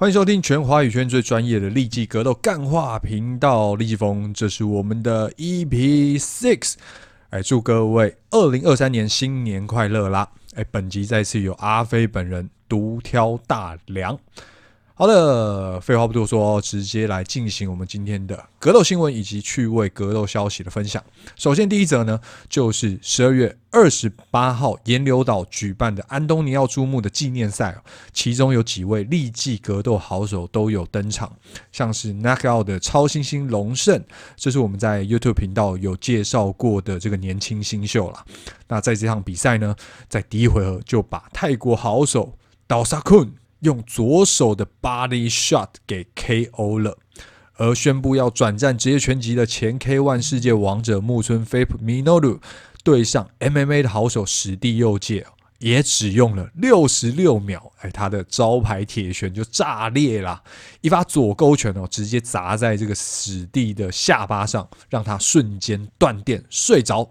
歡迎收聽全華語圈最專業的立技格鬥幹話頻道，立技瘋，這是我們的 EP6，哎，祝各位二零二三年新年快樂啦！哎，本集再次由阿飛本人獨挑大梁。好的，廢話不多說，直接來進行我們今天的格鬥新聞以及趣味格鬥消息的分享。首先，第一則呢，就是十二月二十八號巖流島舉辦的安東尼奧·豬木的紀念賽，其中有幾位立技格鬥好手都有登場，像是 n a c a o 的超新星龍勝，這是我們在 YouTube 頻道有介紹過的這個年輕新秀啦。那在這場比賽呢，在第一回合就把泰國好手倒薩坤，用左手的 body shot 給 KO 了，而宣布要轉戰職業拳擊的前 K-1 世界王者木村飛步 Minoru 對上 MMA 的好手史蒂右介，也只用了六十六秒，哎，他的招牌鐵拳就炸裂了，一發左勾拳哦，直接砸在這個史蒂的下巴上，讓他瞬間斷電睡着，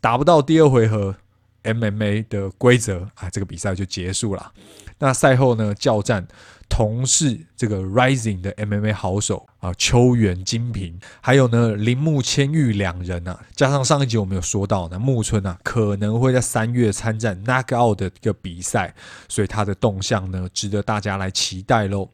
打不到第二回合 MMA 的規則，哎，這個比賽就結束了。那賽後呢，叫戰同是這個 Rising 的 MMA 好手啊，秋元金平，還有呢鈴木千裕兩人啊。加上上一集我們有說到呢，木村啊可能會在三月參戰 Knockout 的一個比賽，所以他的動向呢值得大家來期待嘍。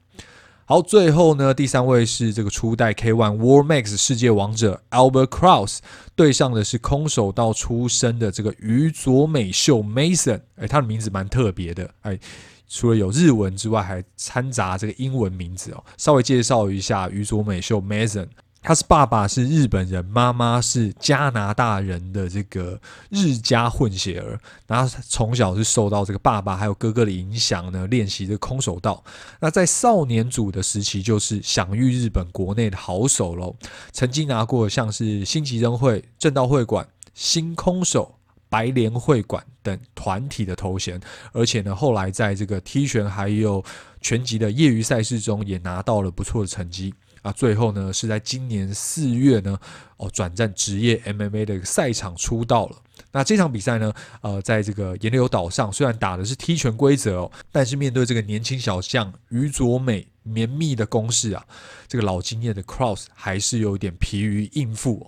好，最後呢第三位是這個初代 K1 War Max 世界王者 Albert Kraus 對上的是空手道出身的這個宇佐美秀 Mason，誒、欸，他的名字蠻特別的，誒、欸。除了有日文之外，還摻雜這個英文名字哦。稍微介紹一下，宇佐美秀 （Mason），他是爸爸是日本人，媽媽是加拿大人的這個日加混血兒。然後從小是受到這個爸爸還有哥哥的影響呢，練習這空手道。那在少年組的時期，就是享譽日本國內的好手嘍。曾經拿過像是新極真會、正道會館、新空手。白蓮會館等團體的頭銜，而且呢，後來在這個踢拳還有拳擊的業餘賽事中也拿到了不錯的成績啊。最後呢，是在今年四月呢，哦，轉戰職業 MMA 的一個賽場出道了。那這場比賽呢，呃，在這個岩流島上，雖然打的是踢拳規則，哦，但是面對這個年輕小將於卓美綿密的攻勢啊，這個老經驗的 Cross 還是有點疲於應付。哦。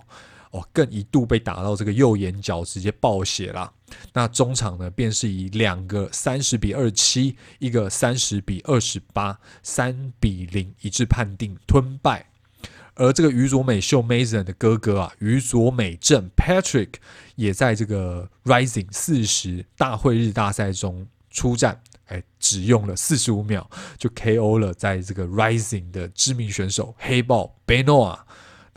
哦，更一度被打到這個右眼角直接爆血了啊。那中場呢，便是以兩個三十比二七，一個三十比二十八，三比零一致判定吞敗。而這個宇佐美秀 Mason 的哥哥啊，宇佐美正 Patrick，也在這個 RIZIN 四十大晦日大賽中出戰，哎，只用了四十五秒就 KO 了，在這個 RIZIN 的知名選手黑豹 Benoa。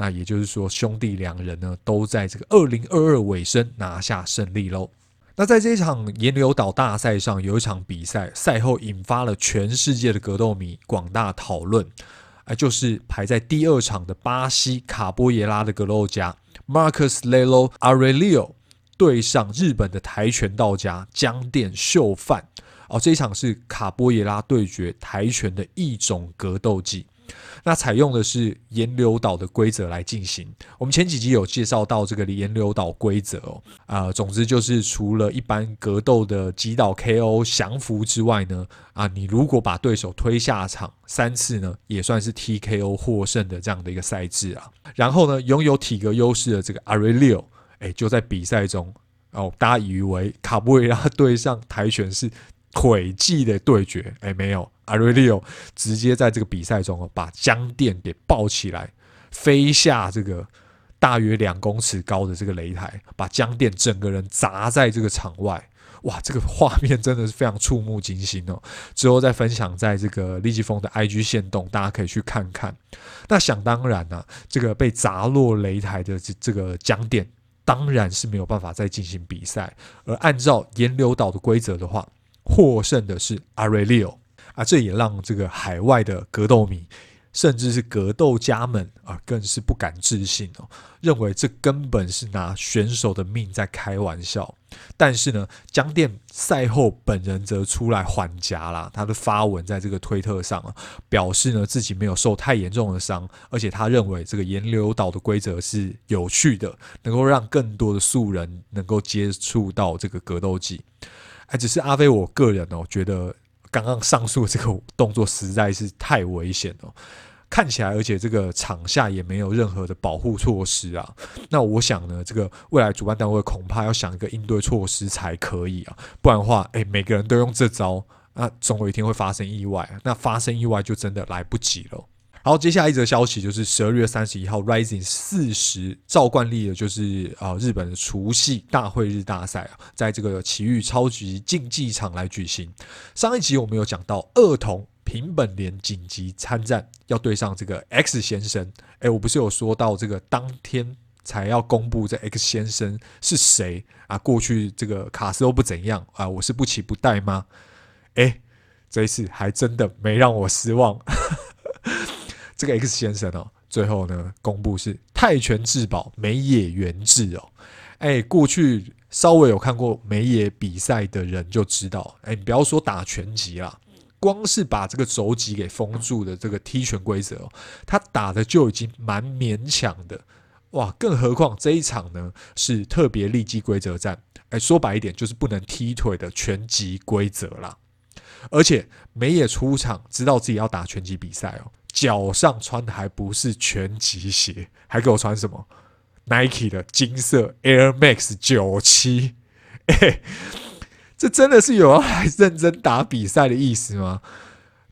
那也就是說，兄弟兩人呢，都在這個二零二二尾聲拿下勝利嘍。那在這一場岩流島大賽上，有一場比賽賽後引發了全世界的格鬥迷廣大討論，哎，就是排在第二場的巴西卡波耶拉的格鬥家 Marcus Lelo Aurelio 對上日本的跆拳道家江殿秀範。哦，這一場是卡波耶拉對決跆拳的一種格鬥技。那採用的是巖流島的規則來進行。我們前幾集有介紹到這個巖流島規則哦。啊，總之就是除了一般格鬥的擊倒、K.O.、降服之外呢，啊，你如果把對手推下場三次呢，也算是 T.K.O. 獲勝的這樣的一個賽制啊。然後呢，擁有體格優勢的這個阿瑞利歐，誒，就在比賽中，哦，大家以為卡布瑞拉對上跆拳是腿技的對決，誒，沒有。阿瑞利奧直接在這個比賽中哦、啊，把江電給抱起來，飛下這個大約兩公尺高的這個擂台，把江電整個人砸在這個場外。哇，這個畫面真的是非常觸目驚心哦！之後再分享在這個立技瘋的 IG 限動，大家可以去看看。那想當然呢、啊，這個被砸落擂台的這這個江電，當然是沒有辦法再進行比賽。而按照巖流島的規則的話，獲勝的是阿瑞利奧。啊，這也讓這個海外的格鬥迷，甚至是格鬥家們啊，更是不敢置信哦，認為這根本是拿選手的命在開玩笑。但是呢，江電賽後本人則出來緩頰啦，他的發文在這個推特上、啊、表示呢，自己沒有受太嚴重的傷，而且他認為這個巖流島的規則是有趣的，能夠讓更多的素人能夠接觸到這個格鬥技。哎、啊，只是阿飛，我個人哦覺得，剛剛上述這個動作實在是太危險了，看起來而且這個場下也沒有任何的保護措施啊。那我想呢，這個未來主辦單位恐怕要想一個應對措施才可以啊，不然的話，哎，每個人都用這招，那啊，總有一天會發生意外，那發生意外就真的來不及了。好，接下來一則消息就是十二月三十一號，RIZIN 四十照慣例的就是啊、呃，日本的除夕大晦日大賽啊，在這個埼玉超級競技場來舉行。上一集我們有講到，二童平本連緊急參戰，要對上這個 X 先生。誒、欸，我不是有說到這個當天才要公布這 X 先生是誰啊？過去這個卡斯都不怎樣啊，我是不期不待嗎？誒、欸，這一次還真的沒讓我失望。 這個 X 先生哦，最後呢，公布是泰拳至寶梅野源治哦。哎，過去稍微有看過梅野比賽的人就知道，哎，你不要說打拳擊啦，光是把這個肘擊給封住的這個踢拳規則、哦，他打的就已經蠻勉強的哇！更何況這一場呢是特別立即規則戰，哎，說白一點就是不能踢腿的拳擊規則啦。而且梅野出場，知道自己要打拳擊比賽哦。腳上穿的還不是拳擊鞋，還給我穿什麼？Nike 的金色 Air Max 九七、欸，這真的是有要來認真打比賽的意思嗎？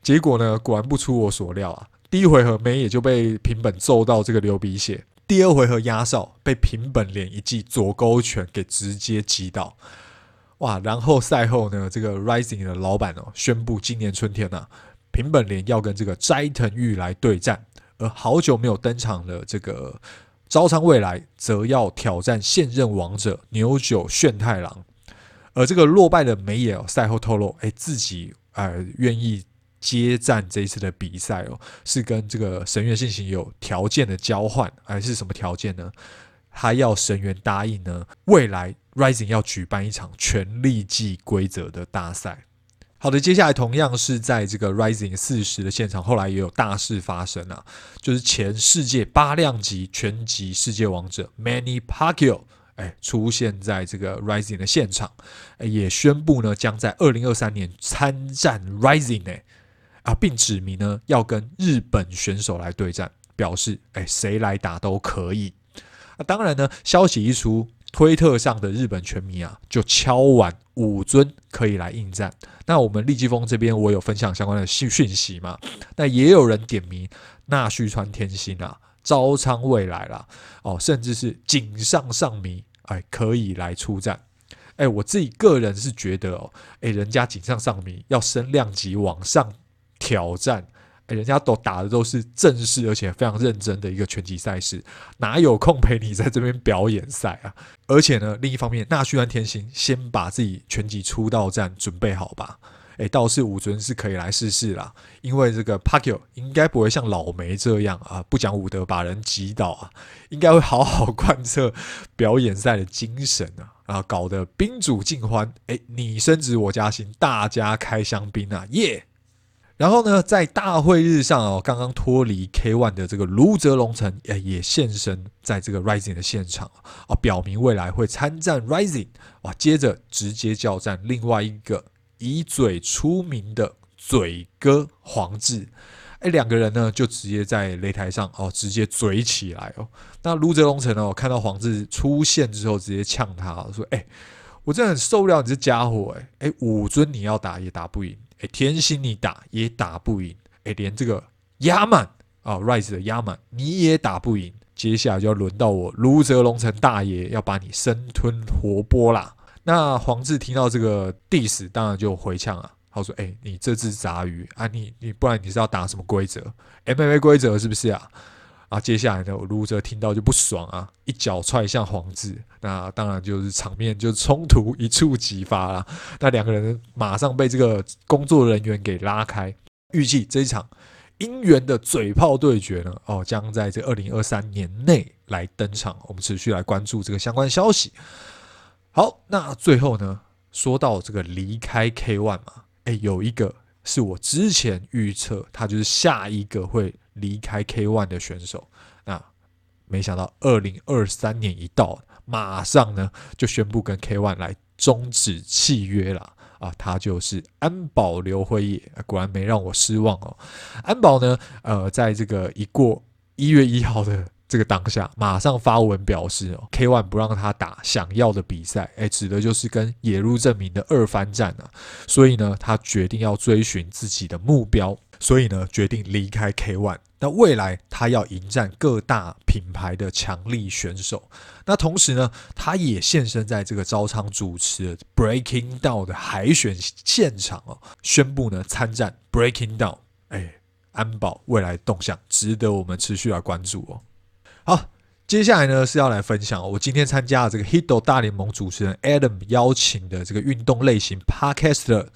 結果呢，果然不出我所料啊！第一回合沒也就被平本揍到這個流鼻血。第二回合壓哨被平本連一記左勾拳給直接擊倒。哇！然後賽後呢，這個 RIZIN 的老板哦，宣布今年春天啊。平本蓮要跟這個齋藤裕來對戰，而好久沒有登場的這個朝倉未來則要挑戰現任王者牛久絢太郎，而這個落敗的梅野賽後透露，哎，自己啊，呃、願意接戰這一次的比賽哦，是跟這個榊原進行有條件的交換，還是什麼條件呢？他要榊原答應呢，未來 RIZIN 要舉辦一場全力季規則的大賽。好的，接下來同樣是在這個 Rising 四十的現場，後來也有大事發生啊，就是前世界八量級拳擊世界王者 Manny Pacquiao 哎、欸、出現在這個 Rising 的現場，欸、也宣布呢將在二零二三年參戰 Rising 呃、欸、啊，並指明呢要跟日本選手來對戰，表示哎誰、欸、來打都可以啊。當然呢，消息一出。推特上的日本拳迷啊，就敲碗武尊可以來應戰。那我們立技瘋這邊，我有分享相關的訊訊息嘛？那也有人點名那須川天心啊，朝倉未來啦，哦，甚至是井上尚彌。哎，可以來出戰。哎，我自己個人是覺得哦，哎，人家井上尚彌要升量級往上挑戰。欸、人家都打的都是正式而且非常認真的一個拳擊賽事，哪有空陪你在這邊表演賽啊？而且呢，另一方面，那須川天心先把自己拳擊出道戰準備好吧。誒、欸，倒是武尊是可以來試試啦，因為這個 Pacquiao 應該不會像老梅這樣啊，不講武德把人擊倒啊，應該會好好貫徹表演賽的精神啊啊，搞得賓主盡歡。誒、欸，你升職我加薪，大家開香檳啊，耶、yeah！然後呢，在大晦日上哦，剛剛脫離 K-1 的這個盧澤龍城，哎，也現身在這個 RIZIN 的現場啊、哦，表明未來會參戰 RIZIN 哇。接着直接叫戰另外一個以嘴出名的嘴哥皇治，哎，兩個人呢就直接在擂台上哦，直接嘴起來哦。那盧澤龍城呢，看到皇治出現之後，直接嗆他說：“哎，我真的很受不了你這家伙誒，哎哎，武尊你要打也打不贏。”哎、欸，天心你打也打不贏，哎、欸，連這個 Yaman 啊，Rise 的 Yaman 你也打不贏，接下來就要輪到我盧澤龍城大爺要把你生吞活剝啦。那皇治聽到這個 diss，當然就回嗆了，他說：“哎、欸，你這隻雜魚啊，你你不然你是要打什麼規則？MMA 規則是不是啊？”啊，接下來呢，我錄着聽到就不爽啊，一腳踹向黃志，那當然就是場面就衝突一觸即發啦。那兩個人馬上被這個工作人員給拉開。預計這一場姻緣的嘴炮對決呢，哦，將在這二零二三年內來登場。我們持續來關注這個相關消息。好，那最後呢，說到這個離開 K ONE 嘛，誒、欸，有一個。是我之前預測，他就是下一個會離開 K ONE 的選手。那沒想到，二零二三年一到，馬上呢就宣布跟 K ONE 來終止契約了。啊，他就是安保瑠輝也，果然沒讓我失望哦。安保呢，呃，在這個一過一月一號的。這個當下馬上發文表示 K-1 不讓他打想要的比賽，哎，指的就是跟野杁正明的二番戰啊，所以呢，他決定要追尋自己的目標，所以呢，決定離開 K-1。那未來他要迎戰各大品牌的強力選手。那同時呢，他也現身在這個朝倉主持 Breaking Down 的海選現場哦，宣布呢參戰 Breaking Down，哎，安保未來動向值得我們持續來關注哦。好，接下來呢是要來分享我今天參加這個 Hito 大聯盟主持人 Adam 邀請的這個運動類型 Podcast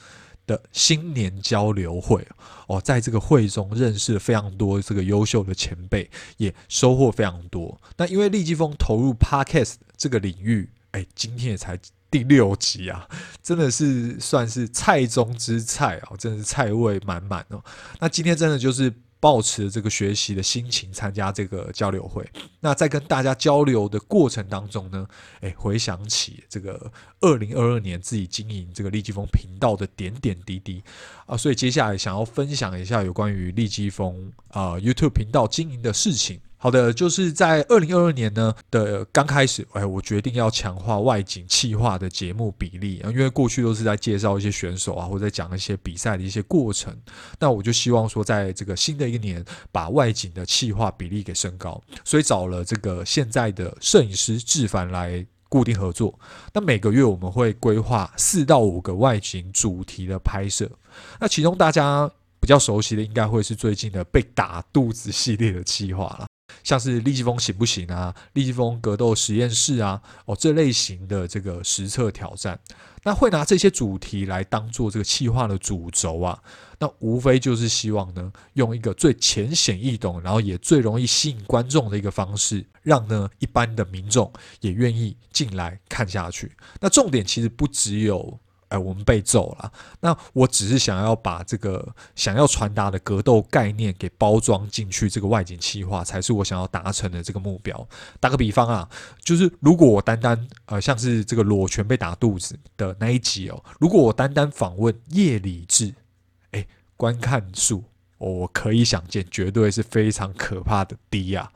的新年交流會哦，在這個會中認識了非常多這個優秀的前輩，也收穫非常多。那因為立技瘋投入 Podcast 這個領域，哎、欸，今天也才第六集啊，真的是算是菜中之菜啊、哦，真的是菜味滿滿哦。那今天真的就是。抱持這個學習的心情參加這個交流會，那在跟大家交流的過程當中呢，誒，回想起這個二零二二年自己經營這個立技瘋頻道的點點滴滴啊，所以接下來想要分享一下有關於立技瘋啊 YouTube 頻道經營的事情。好的，就是在二零二二年呢的剛開始，哎，我決定要強化外景企劃的節目比例啊，因為過去都是在介紹一些選手啊，或者講一些比賽的一些過程。那我就希望說，在這個新的一年，把外景的企劃比例給升高。所以找了這個現在的攝影師志凡來固定合作。那每個月我們會規劃四到五個外景主題的拍攝。那其中大家比較熟悉的，應該會是最近的被打肚子系列的企劃了。像是立技瘋行不行啊？立技瘋格鬥實驗室啊，哦，這類型的這個實測挑戰，那會拿這些主題來當做這個企劃的主軸啊，那無非就是希望呢，用一個最淺顯易懂，然後也最容易吸引觀眾的一個方式，讓呢一般的民眾也願意進來看下去。那重點其實不只有。哎、呃，我們被揍了、啊。那我只是想要把這個想要傳達的格鬥概念給包裝進去，這個外景企劃才是我想要達成的這個目標。打個比方啊，就是如果我單單呃像是這個裸拳被打肚子的那一集哦，如果我單單訪問葉理智，哎，觀看數。我可以想見，絕對是非常可怕的低啊。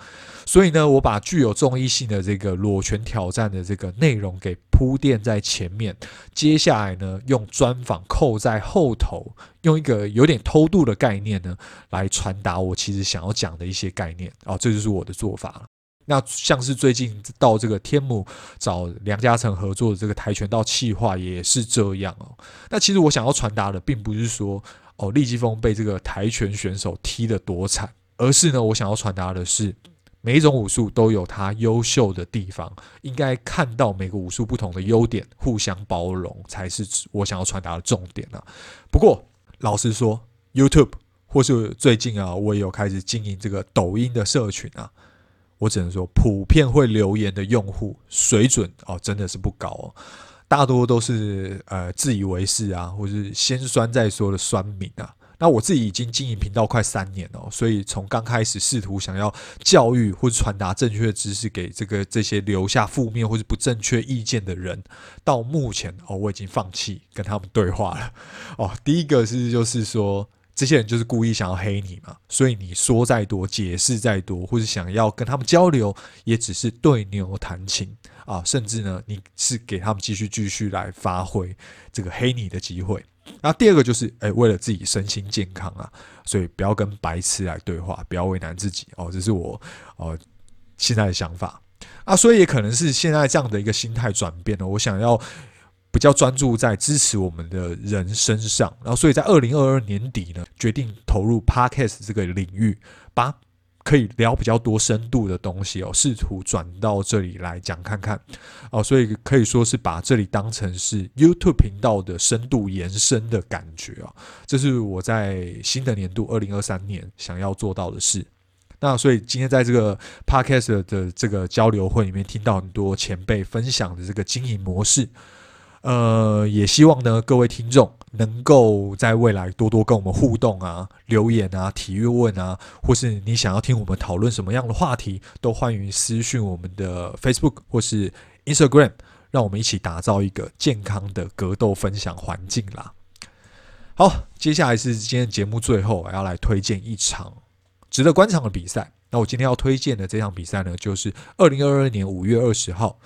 所以呢，我把具有爭議性的這個裸拳挑戰的這個內容給鋪墊在前面，接下來呢，用專訪扣在後頭，用一個有點偷渡的概念呢，來傳達我其實想要講的一些概念啊。這就是我的做法、啊。那像是最近到這個天母找梁家成合作的這個跆拳道企劃也是這樣哦、啊。那其實我想要傳達的，並不是說。哦，立技瘋被這個跆拳選手踢得多慘，而是呢，我想要傳達的是，每一種武術都有它優秀的地方，應該看到每個武術不同的優點，互相包容才是我想要傳達的重點啊。不過，老實說，YouTube 或是最近啊，我也有開始經營這個抖音的社群啊，我只能說，普遍會留言的用戶水準啊、哦，真的是不高、啊。哦。大多都是呃自以為是啊，或是先酸再說的酸民啊。那我自己已經經營頻道快三年哦，所以從剛開始試圖想要教育或者傳達正確的知識給這個這些留下負面或是不正確意見的人，到目前哦，我已經放棄跟他們對話了。哦，第一個是就是說，這些人就是故意想要黑你嘛，所以你說再多，解釋再多，或者想要跟他們交流，也只是對牛彈琴啊！甚至呢，你是給他們繼續繼續來發揮這個黑你的機會。那第二個就是，誒、欸，為了自己身心健康啊，所以不要跟白痴來對話，不要為難自己哦。這是我呃現在的想法啊，所以也可能是現在這樣的一個心態轉變了，我想要。比較專注在支持我們的人身上，然後所以在二零二二年底呢，決定投入 Podcast 這個領域，把可以聊比較多深度的東西哦，試圖轉到這裡來講看看哦、啊，所以可以說是把這裡當成是 YouTube 頻道的深度延伸的感覺啊，這是我在新的年度二零二三年想要做到的事。那所以今天在這個 Podcast 的這個交流會裡面，聽到很多前輩分享的這個經營模式。呃，也希望呢，各位聽眾能夠在未來多多跟我們互動啊，留言啊，提問啊，或是你想要聽我們討論什麼樣的話題，都歡迎私訊我們的 Facebook 或是 Instagram，讓我們一起打造一個健康的格鬥分享環境啦。好，接下來是今天的節目最後，我要來推薦一場值得觀賞的比賽。那我今天要推薦的這場比賽呢，就是二零二二年五月二十號，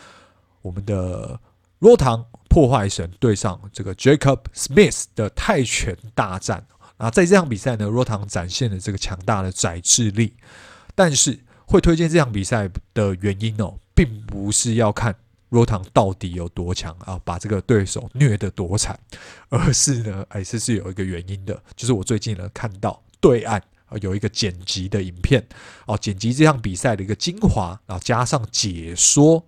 我們的羅唐。破壞神對上這個 Jacob Smith 的泰拳大戰啊，在這場比賽呢，若唐展現了這個強大的壓制力。但是，會推薦這場比賽的原因呢、哦，並不是要看若唐到底有多強啊，把這個對手虐得多慘，而是呢，哎，這是有一個原因的，就是我最近呢看到對岸、啊、有一個剪輯的影片、啊、剪輯這場比賽的一個精華，然後、啊、加上解說。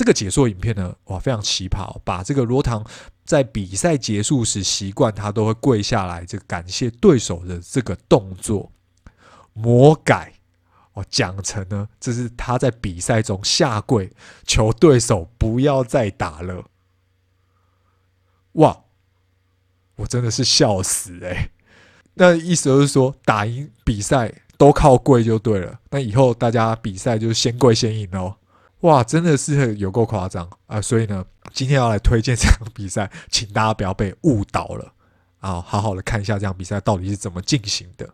這個解說影片呢，哇，非常奇葩哦！把這個羅唐在比賽結束時習慣，他都會跪下來，這感謝對手的這個動作，魔改哦，講成呢，這是他在比賽中下跪，求對手不要再打了。哇，我真的是笑死哎欸！那意思就是說，打贏比賽都靠跪就對了。那以後大家比賽就先跪先贏嘍，哦。哇，真的是有夠誇張啊！所以呢，今天要來推薦這場比賽，請大家不要被誤導了啊！好好的看一下這場比賽到底是怎麼進行的。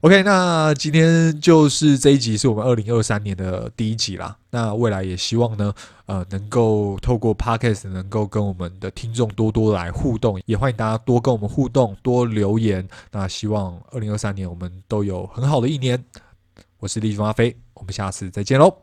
OK，那今天就是這一集是我們二零二三年的第一集啦。那未來也希望呢，呃，能夠透過 Podcast 能夠跟我們的聽眾多多來互動，也歡迎大家多跟我們互動，多留言。那希望二零二三年我們都有很好的一年。我是立峰阿飛，我們下次再見嘍！